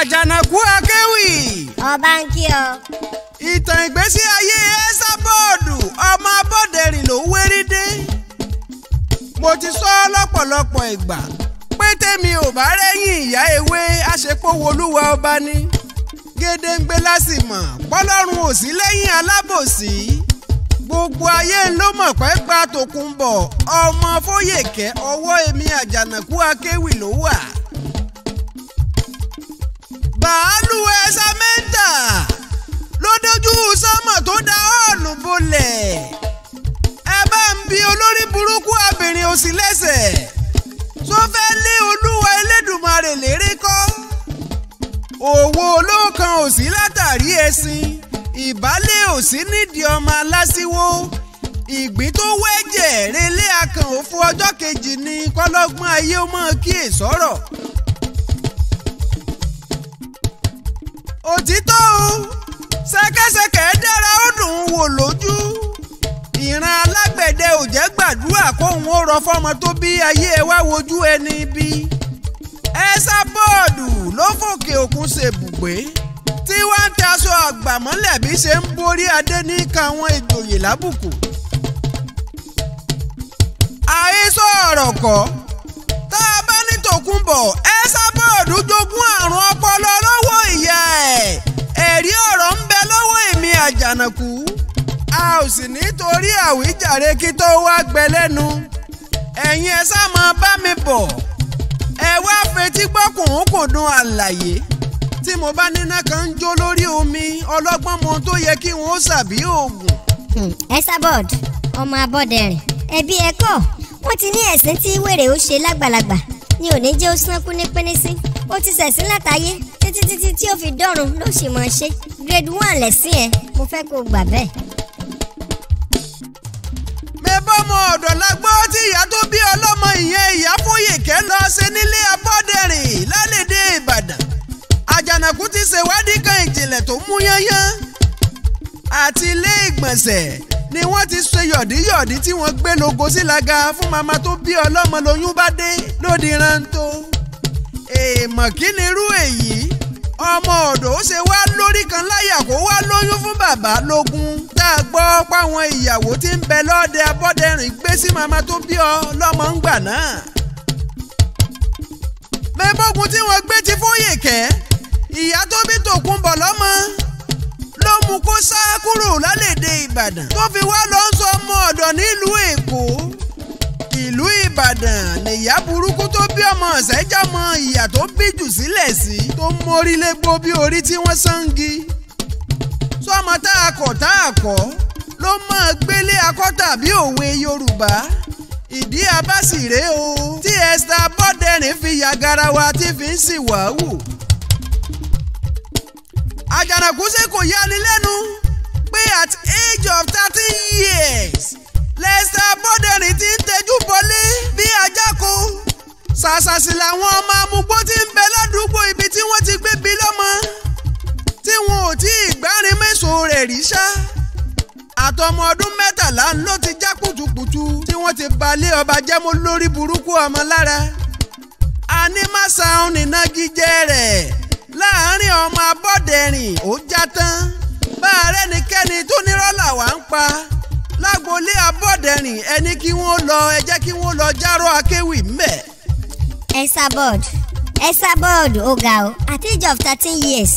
àjànàkú akéwì. ọba ń kí ọ. ìtàn ìgbésí ayé ẹ́sà bọ́ọ̀dù ọmọ abọ́dẹ̀rìn ló wérí dé. mo ti sọ lọ́pọ̀lọpọ̀ ìgbà pé tèmi ò bá rẹ́yìn ìyá ewé àṣepọ̀wọ́lúwa ọba ni. gédéǹgbé lásìmọ̀ pọ́lọ́run ò sí lẹ́yìn alábòsí gbogbo ayé ló mọ̀ pé gba tòkun bọ̀ ọmọ fóyèkẹ́ ọwọ́ èmi àjànàkú akéwì ló wà bàálù ẹsẹ̀ mẹ́ta ló dojú sọ́mọ̀ tó da ọ̀nù bolẹ̀ ẹ bá ń bi olórí burúkú abìnrin òsì lẹ́sẹ̀ tó fẹ́ lé olúwa Elédùmarè lérè kọ́ òwò olóòkan òsì látàrí ẹṣin ìbálẹ̀ òsì nídìí ọmọ aláṣíwó ìgbín tó wẹ́jẹ̀ relé akàn òfo ọjọ́ kejì ni kọ́lọ́gbọ́n ayé ó mọ̀ kí èso rọ̀. òtítọ́ o ṣẹ̀kẹ̀ṣẹ̀kẹ̀ dára ó dùn ún wò lójú ìran alágbẹ̀dẹ ò jẹ́ gbàdúrà kóun ó rọ fọ́mọ tó bí ayé ẹ wá wojú ẹni bí ẹsà bọ́ọ̀dù ló fòkè òkun ṣèbùgbé tí wọ́n ń taṣọ àgbàmọ́lẹ̀ bí ṣe ń borí adé ní káwọn ìjòyè lábùkù àhesọ ọ̀rọ̀ kọ́ tá a bá ní tòkunbọ̀ ẹsà bọ́ọ̀dù jogún àrùn ọpọlọ àjànàkú a ò sì nítorí àwíjàre kí tó wá gbẹ lẹ́nu ẹ̀yin ẹ sá bá mi bọ̀ ẹ wá fetí gbọ́ kùnkùndùn àlàyé tí mo bá níná kan ń jó lórí omi ọlọ́gbọ́n mo tó yẹ kí wọ́n ṣàbí oògùn. Esabod hmm, ọmọ Abọ́dẹ̀rìn ẹbí ẹ̀kọ́ wọ́n ti ní ẹ̀sìn tí wèrè ó ṣe lágbàlagbà ni ò ní jẹ́ ó sánkú ní pínísín ó ti ṣẹ̀sín látàyé títí títí tí ó fi dọ́run ló sì mọ̀ ṣe grade one lẹ́sìn ẹ̀ mo fẹ́ kó gbà bẹ́ẹ̀. mẹ́bọ́mọ ọ̀dọ̀ la gbọ́ tí ìyá tó bí ọlọ́mọ ìyẹn ìyá fóyèké lọ ṣe nílé abọ́dẹ̀rìn lálẹ́dẹ̀ ìbàdàn àjànàkú ti ṣèwádìí kan ìjìnlẹ̀ tó mú yányán àti ilé ìgbọ̀nsẹ̀ ni wọ́n ti ṣe yọ̀díyọ̀dí tí wọ́n gbé logo sí laga fún màmá tó bí ọlọ́mọ lóyún bá dé lóde rántó. èèmọ̀ kí ni irú èyí ọmọ ọ̀dọ̀ ó ṣe wá lórí kan láyà kó wá lóyún fún bàbá lógún tá a gbọ́ páwọn ìyàwó tí ń bẹ lọ́ọ̀dẹ abọ́dẹrìn gbé sí màmá tó bí ọ lọ́mọ ń gbà náà. mẹ́bọ́gun tí wọ́n gbé ti fóyè kẹ́ ìyá tó bí tòkun bọ̀ lọ́mọ ló mú kó sá kúrò lálẹ́dẹ̀ ìbàdàn tó fi wá lọ sọ ọmọ ọ̀dọ̀ nílùú èkó ìlú ìbàdàn nìyá burúkú tó bí ọmọ ṣẹ́jà mọ ìyà tó bí sílẹ̀ sí tó mórí légbó bí orí tí wọ́n sangi sọmọ tá a kọ̀ tá a kọ̀ ló máa gbélé akọ́tà bí òwe yorùbá ìdí abásìrè o tí esther bọ́dẹ̀rìn fi yàgàrà wa tí fi ń sìn wá wò àjànàkú ṣe kò yani lẹ́nu pé at age of thirty years Lester Bọ́dẹ̀rìn ti ń tẹjú bọlé bí ajáko ṣàṣàṣì làwọn ọmọ amúgbó ti ń bẹ ládùúgbò ibi tí wọ́n ti gbé bí lọ́mọ tí wọn ò tí ì gbárin mẹ́sàn-án rẹ̀ rí ṣá àtọmọ ọdún mẹ́tàlá ló ti já kùtùkùtù tí wọ́n ti balẹ̀ ọba jẹ́mú lórí burúkú ọmọ lára animal sound ìnagijẹ rẹ̀ láàárín ọmọ abọ́dẹ̀rìn ó já tán bá arẹ́nikẹ́ni tó nírọ́là wá ń pa lágboolé abọ́dẹ̀rìn ẹni kí wọ́n lọ ẹ kí wọ́n lọ járọ́ akéwì mbẹ̀. Esabod Esabod ó ga o at age of thirteen years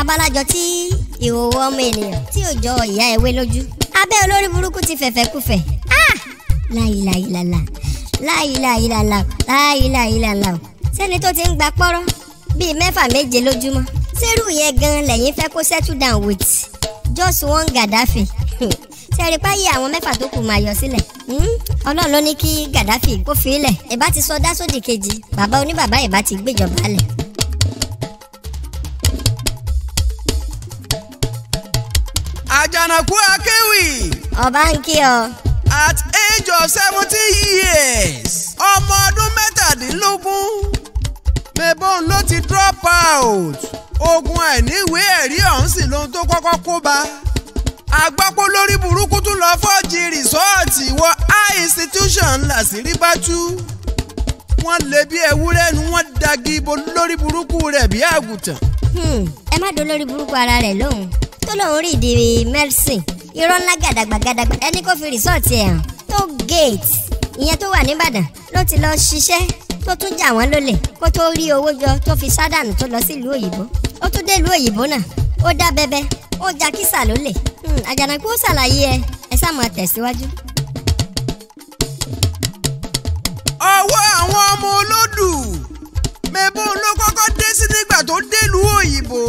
abalajọ tí ìhòòhò ọmọ ènìyàn tí ò jọ ìyá ewé lójú abẹ́ olórí burúkú ti fẹ̀fẹ̀ kúfẹ̀ láìláìlàlà láìláìlàlà láìláìlàlà sẹ́ni tó ti ń gba pọ́rọ́ bíi mẹ́fà méje lójúmọ́ sẹ́rù yẹn gan lẹ́yìn fẹ́ kó settle down with just one Gaddafi sẹ́rí páyé àwọn mẹ́fà tó kù máa yọ sílẹ̀ hmm? ọlọ́run ló ní kí Gaddafi kó fi ilẹ̀ ìbá ti sọ dá sódì kejì bàbá oníbàbá ìbá ti gbéjọba lẹ̀. àjànàkú akéwì. ọba ń kí ọ. at age of seventy years ọmọ ọdún mẹ́tàdínlógún mebon ló ti drop out ogun àìníwèé ẹ̀rí ọ̀hún sì lohun tó kọ́kọ́ kó bá agbápò lórí burúkú tún lọ fọ́ọ̀jì rìsọ́ọ̀tì wọ high institution làṣírí bá tú wọ́n lè bí ewúrẹ́ nu wọ́n dagi ibo lórí burúkú rẹ̀ bí àgùntàn. Hmm, ẹ má dún lórí burúkú ara rẹ̀ lóhùn tó lóun rí ìdí mercy irọ́ ńlá gàdàgbà gàdàgbà ẹni kò fi rìsọ́ọ̀tì ẹ̀ hàn tó gate ìyẹn tó wà nìbàdàn ló ti lọ ṣiṣẹ́ tó tún jà wọ́n lólè kó tó rí owó jọ tó fi sádànù tó lọ sílùú òyìnbó ó tún délùú òyìnbó náà ó dá bẹbẹ ó ja kísà lólè hmm, àjànàkú ó ṣàlàyé ẹ ẹ ṣáà máa ọwọ́ àwọn ọmọ olódù mẹ́bù ló kọ́kọ́ dé sí nígbà tó délùú òyìnbó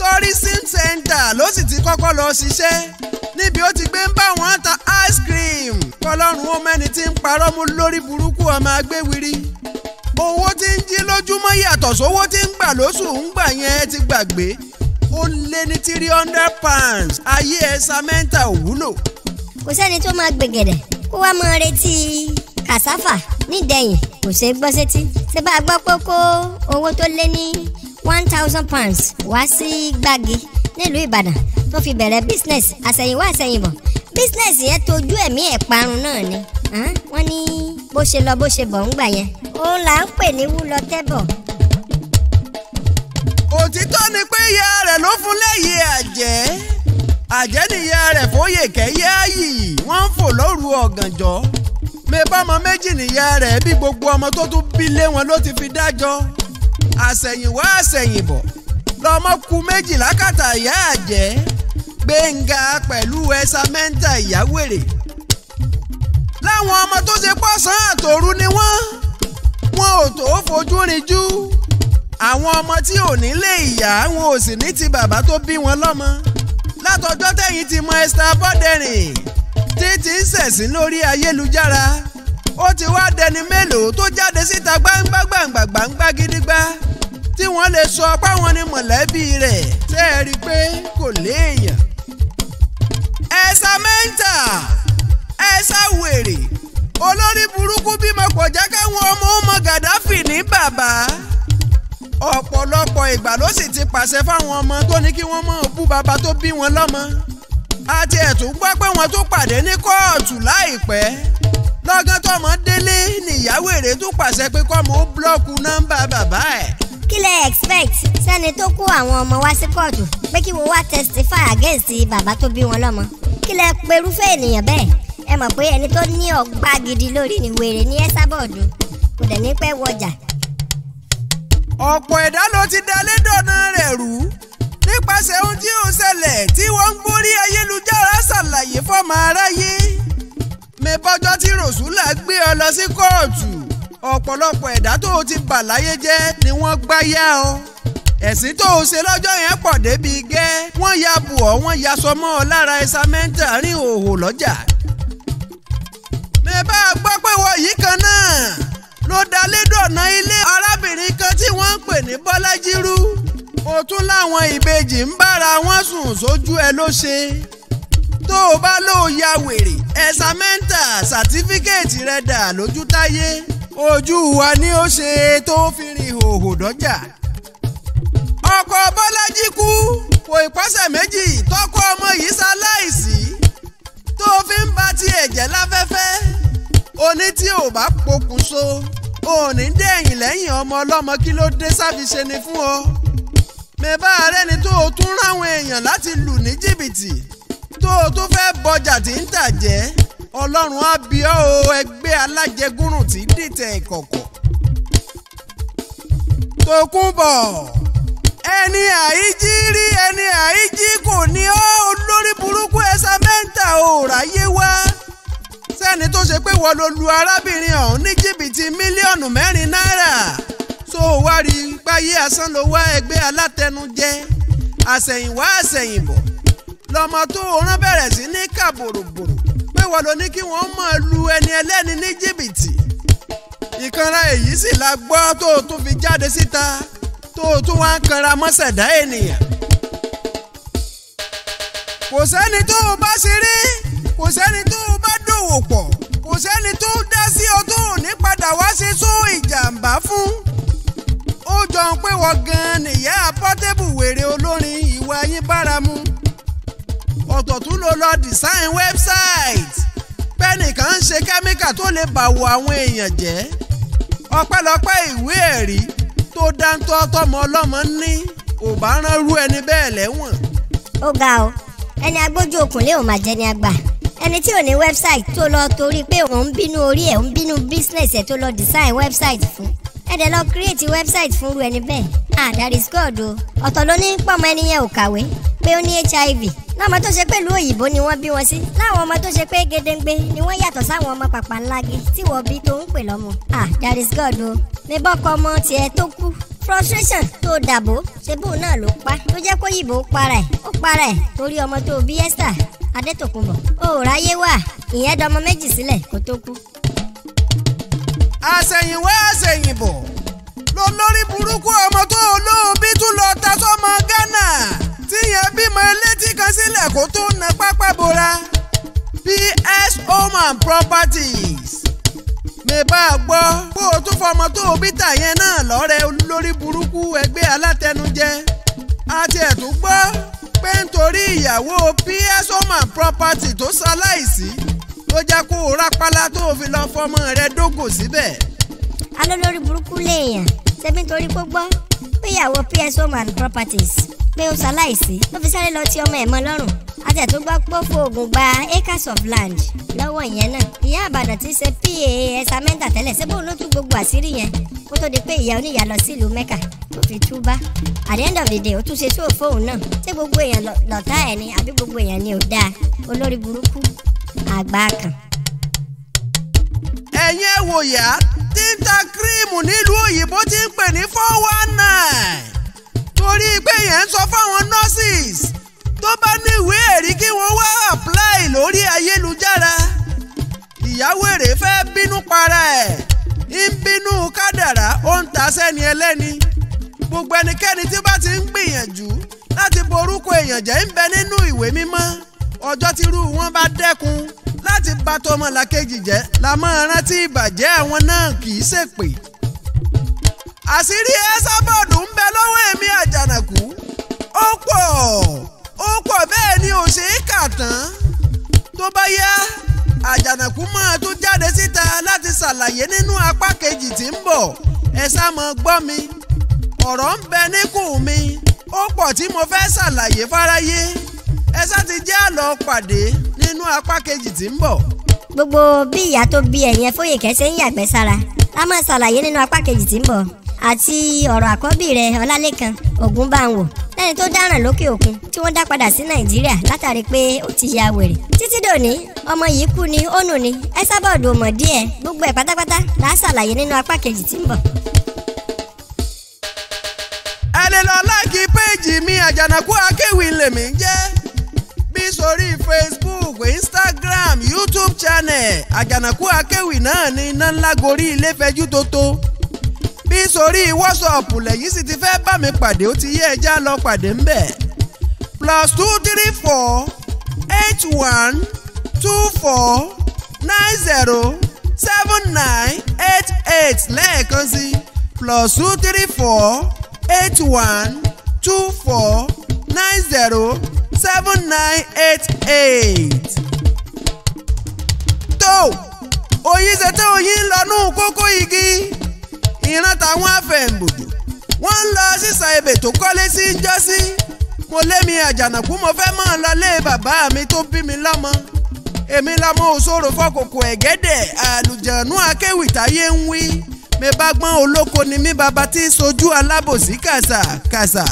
tourism center ló sì ti kọ́kọ́ lọ ṣiṣẹ́ níbi ó ti gbé ń bá wọn ta ice cream kọlọ́run ó mẹ́ni tí ń parọ́ mú lórí burúkú ọmọ agbéwìrì owó tí ń jí lójúmọ́ yàtọ̀ sówó tí ń gbà lóṣù ń gbà yẹn ẹ ti gbàgbé ó lé ní three hundred pounds ayé ẹ samẹ́ńtà òwúlò. kò sẹ́ni tó máa gbẹ̀gẹ̀dẹ̀ kó wá máa retí kàsáfà nídẹ̀yìn kò ṣeé gbọ́ sétí ṣé bá a gbọ́ pé kó owó tó lé ní one thousand pounds wá sí gbági nílùú ìbàdàn tó fi bẹ̀rẹ̀ business àṣẹ̀yìnwá àṣẹ̀yìnbọ̀ business yẹn tójú ẹ̀mí ẹ̀ parun náà ni wọ́n ní bó ṣe lọ bó ṣe bọ̀ ń gbà yẹn òun là ń pè ní wúlọ tẹ́bọ̀. òtítọ́ ni pé ìyá rẹ̀ ló fún lẹ́yìn àjẹ́ àjẹ́ nìyá rẹ̀ fóyè kẹ́yẹ́ ààyè wọ́n ń fò lóru ọ̀gànjọ́ mẹ́bàmọ́ méjì nìyá rẹ̀ bí gbogbo ọmọ tó tún bí lé wọn ló ti fi dájọ́ àṣẹ̀yìnwá àṣẹ̀yìnbọ̀ lọ́mọ kú méjìlá kàtà ìyá àjẹ́ gbẹ̀ngà pẹ̀lú ẹ̀sà mẹ́ńtà ìyáwèrè láwọn ọmọ tó ṣe pọ́sán àtòru ni wọ́n wọn ò tó fojú rinjú àwọn ọmọ tí ò nílé ìyá wọn ò sì ní ti bàbá tó bí wọn lọ́mọ látọjọ́ tẹ̀yìn ti mọ Esther Aboderin títí ń ṣẹ̀sín lórí ayélujára ó ti wá dẹni mélòó tó jáde síta gbangba gbangba gbangba gidigba tí wọ́n lè sọ páwọn ni mọ̀lẹ́bí rẹ̀ tẹ́ ẹ rí i pé kò léèyàn. ẹ̀sà mẹ́ńtà ẹ sá wèrè olórí burúkú bímọ kò jẹ́ káwọn ọmọ ọmọ Gaddafi ní bàbá ọ̀pọ̀lọpọ̀ ìgbà ló sì ti pàṣẹ fáwọn ọmọ tó ní kí wọ́n máa bú bàbá tó bí wọn lọ́mọ àti ẹ̀tún gbọ́ pé wọ́n tó pàdé ní kóòtù láìpẹ́ lọ́gán tọmọ délé níyàwó èrè tún pàṣẹ pé kọ́mọ ó búlọ́ọ̀kù nọ́mbà bàbá ẹ̀. kí lẹ expect sẹ́ni tó kó àwọn ọmọ wá sí kóòtù pé kí wọ́n wá testify against bàbá tó bí wọn lọ́mọ kí lẹ perúfẹ́ ènìyàn bẹ́ẹ̀ ẹ mọ̀ pé ẹni tó ní ọgbà gidi lórí ni wèrè ní Ẹsábọ̀dù kò dẹ̀ ní pẹ́ wọjà. ọ̀pọ̀ ẹ̀dá ló ti dalé dọ̀nà rẹ̀ rú nípasẹ̀ ohun tí ó ṣẹlẹ̀ tí wọ́n ń gbórí ayélujára ṣàlàyé fọ́mọ aráyé. mẹ́bọ́jọ́ tí rọ̀ṣúlà gbé ọ lọ sí kóòtù ọ̀pọ̀lọpọ̀ ẹ̀dá tó o ti bà láyé jẹ́ ni wọ́n gbá yá ọ. ẹ̀sìn tó o ṣe lọ́jọ́ yẹn pọ̀ débi gẹ́ wọ́n ya bù ọ́ wọ́n ya sọmọ́ ọ lára ẹ̀sà mẹ́ńtà rí òhò lọ́jà ẹ bá a gbọ́ pé wọ́n yìí kan náà ló dá lédòna ilé arábìnrin kan tí wọ́n ń pè ní bọ́lájírú ó tún láwọn ìbejì ń bára wọn sùn sójú ẹ ló ṣe tó o bá lò ya wèrè ẹ̀sàmẹ́ńtà sàtífíkẹ́ẹ̀tì rẹ dà lójú táyé ojú wa ni ó ṣe tó fi rin hòhò dọ́jà ọkọ bọ́lájí kú kò ìpọ́sẹ̀ méjì tọ́kọ ọmọ yìí ṣaláìsí tó fi ń ba tiẹ̀ jẹ́ láfẹ́fẹ́ oní tí ò bá pokùn so òní dé ẹ̀yìn lẹ́yìn ọmọ ọlọ́mọ kí ló dé sáfiṣe ni fún ọ. mẹ́bà rẹ ni tó o tún ráwọn èèyàn láti lù ní jìbìtì tó o tún fẹ́ bọjà tí ń tà jẹ́ ọlọ́run á bí ọ́ o ẹgbẹ́ alájẹgúrùn tí dìtẹ̀ ìkọ̀kọ̀. Tòkunbọ̀ ẹni àìjí rí ẹni àìjí kò ní ọ́ olórí burúkú ẹ̀sà mẹ́ta ò ráyé wá sẹ́ni tó ṣe pé wọ́n ló lu arábìnrin ọ̀hún ní jìbìtì mílíọ̀nù mẹ́rin náírà tó o wá rí páyé asán ló wá ẹgbẹ́ alátẹnujẹ àsẹ̀yìnwá àsẹ̀yìnbọ̀ lọ́mọ tó o rán bẹ̀rẹ̀ sí ní kà bòròbòrò pé wọ́n ló ní kí wọ́n máa lu ẹni ẹlẹ́ni ní jìbìtì ìkanra èyí sì la gbọ́ tó tún fi jáde síta tó tún wá ń kanra mọ́sẹ̀dá ènìyàn kò sẹ́ni tó bá ṣe rí kò sẹ́ni tó dòwò pọ̀ kò sẹ́ni tó dá sí ọ tó ò ní padà wá ṣe tó ìjàmbá fún. ó jọ ń pé wọ́n gan-an nìyá pọ́tébù wèrè olórin ìwà yín báramu. ọ̀tọ̀ tún ló lọ design website pẹ́nìkan ń ṣe kẹ́míkà tó lè bàwọ̀ àwọn èèyàn jẹ́. ọpẹ́lọpẹ́ ìwé ẹ̀rí tó dáńtọ́ tọmọ ọlọ́mọ ní kò bá rán rú ẹni bẹ́ẹ̀ lẹ́wọ̀n. ó ga ọ ẹni agbójú okùn lé òun máa jẹ ní àgbà ẹni tí ò ní website tó lọ torí pé òun ń bínú orí ẹ̀ ń bínú business ẹ̀ tó lọ design website fún ẹ dẹ̀ lọ create website fún irú ẹni bẹ́ẹ̀ ah that is God o ọ̀tọ̀ ló ní pọ̀mọ́ ẹni yẹn ò kàwé pé ó ní HIV láwọn tó ṣe pé ìlú òyìnbó ni wọ́n bí wọn sí láwọn ọmọ tó ṣe pé gédéǹgbé ni wọ́n yàtọ̀ sáwọn ọmọ pàpà ńlá gi tí wọ́n bí tó ń pè lọ́mọ ah that is God o mi bọ́ kọ́ ọmọ tiẹ̀ tó kú frustration tó dàbò ṣebú náà ló pa tó jẹ́ kó yìnbó para ẹ̀ ó para ẹ̀ torí ọmọ tó bí Esther Adétòkunbọ̀ ó ráyé wà ìyẹn dọmọ méjì sílẹ̀ kó tó kú. àṣẹ̀yìnwá àṣẹ̀yìnbọ̀ lolórí burúkú ọmọ tó olóòbí tún lọ ta sọmọ Ghana tíyẹn bímọ elétí kan sílẹ̀ kó tó na pápá bora PS Home and Properties lè bá a gbọ́ kó o tún fọmọ tó o bí tà yẹn náà lọ́rẹ̀ olórí burúkú ẹgbẹ́ alátẹnujẹ àti ẹ̀tún gbọ́ pé nítorí ìyàwó ps home and property tó ṣaláìsí ló já kó o rápálá tó o fi lọ fọmọ rẹ dógò síbẹ̀. alólórí burúkú lèèyàn ṣebí nítorí gbogbo pé ìyàwó ps home properties pé ó ṣaláìsí ló fi sáré lọ tí ọmọ ẹ̀ mọ́ lọ́rùn àtẹ̀tún gbọ́ pófò oògùn gba acres of land lọ́wọ́ ìyẹn náà ìyá àbàdàn ti ṣe pa ẹ̀sà mẹ́ta tẹ́lẹ̀ ṣé bóun ló tú gbogbo àṣírí yẹn kó tó di pé ìyá oníyà lọ sílùú mẹ́kà ó fi tú bá at the end of the day ó tún ṣe sóò fóun náà ṣé gbogbo èèyàn lọ̀tá ẹ̀ ni àbí gbogbo èèyàn ni ò dáa olórí burúkú àgbà kan. ẹ̀yin ẹ̀ wòyà tí ń ta kírìmù nílùú òyìnbó ti ń pè ní four one nine torí pé yẹn ń sọ fáwọn nurses tó bá ní ìwé ẹ̀rí kí wọ́n wá apply lórí ayélujára ìyàwó èrè fẹ́ bínú para ẹ̀ ń bínú kádàrá ó ń ta sẹ́ni ẹlẹ́ni gbogbo ẹnikẹ́ni tí bá ti ń gbìyànjú láti borúkọ èèyàn jẹ́ ń bẹ nínú ìwé mímọ́ ọjọ́ tí irú wọn bá dẹ́kun láti bà tọmọlàkejì jẹ́ la máa rántí ìbàjẹ́ àwọn náà kì í ṣèpè àṣírí Esabod ń bẹ lọ́wọ́ èmi àjànàkú ó pọ̀ ó pọ̀ bẹ́ẹ̀ ni ò ṣe é kà tán tó bá yá àjànàkú máa tó jáde síta láti ṣàlàyé nínú apá kejì tí ń bọ̀ ẹ sá mọ gbọ́ mi ọ̀rọ̀ ń bẹ níkùn mi ó pọ̀ tí mo fẹ́ ṣàlàyé fáráyé ẹ sá ti jẹ́ àlọ́ pàdé nínú apá kejì tí ń bọ̀. gbogbo bí ìyá tó bí ẹ̀yẹn Fóyèkẹ́ ṣe ń yàgbẹ́ sára a máa ṣàlàyé nínú apá kejì tí ń bọ̀. àti ọ̀rọ̀ àkọ́bí rẹ̀ ọlálẹ́kan ògúnbàwò lẹ́ni tó dáràn lókè òkun tí wọ́n dá padà sí nàìjíríà látàrí pé ó ti ya wèrè títí dòní ọmọ yìí kú ni ó nù ni ẹ sábọ̀dù ò mọ̀ díẹ̀ gbogbo ẹ pátápátá là á ṣàlàyé nínú apá kejì tí ń bọ. ẹ lè lọ láìkí péèjì mi àjànàkú akéwì lèmi ń jẹ́ bí sórí facebook instagram youtube channel àjànàkú akéwì náà ni iná ńlá gorí ilé fẹjú tótó bí sórí wọ́sọ̀pù lẹ́yìn sì ti fẹ́ bá mi pàdé ó ti yé ẹja lọ pàdé ńbẹ̀ plus two three four eight one two four nine zero seven nine eight eight lẹ́ẹ̀kan sí plus two three four eight one two four nine zero seven nine eight eight. tó oyin ṣe tí oyin ń lọ nù kókó igi ìran táwọn afẹ̀ǹbòdò wọ́n ń lọ sísà ebè tó kọ́lé sí jọ́sí mo lémi àjànàkú mo fẹ́ mọ́ ọ lọlé bàbá mi tó bí mi lọ́mọ èmi lọ́mọ òṣòro fọkòkò ẹ̀gẹ́dẹ̀ àlùjànú akéwì táyé ń wí mi bá gbọ́n olóko ni mi bàbá tí sojú alábòsí kàṣà kàṣà.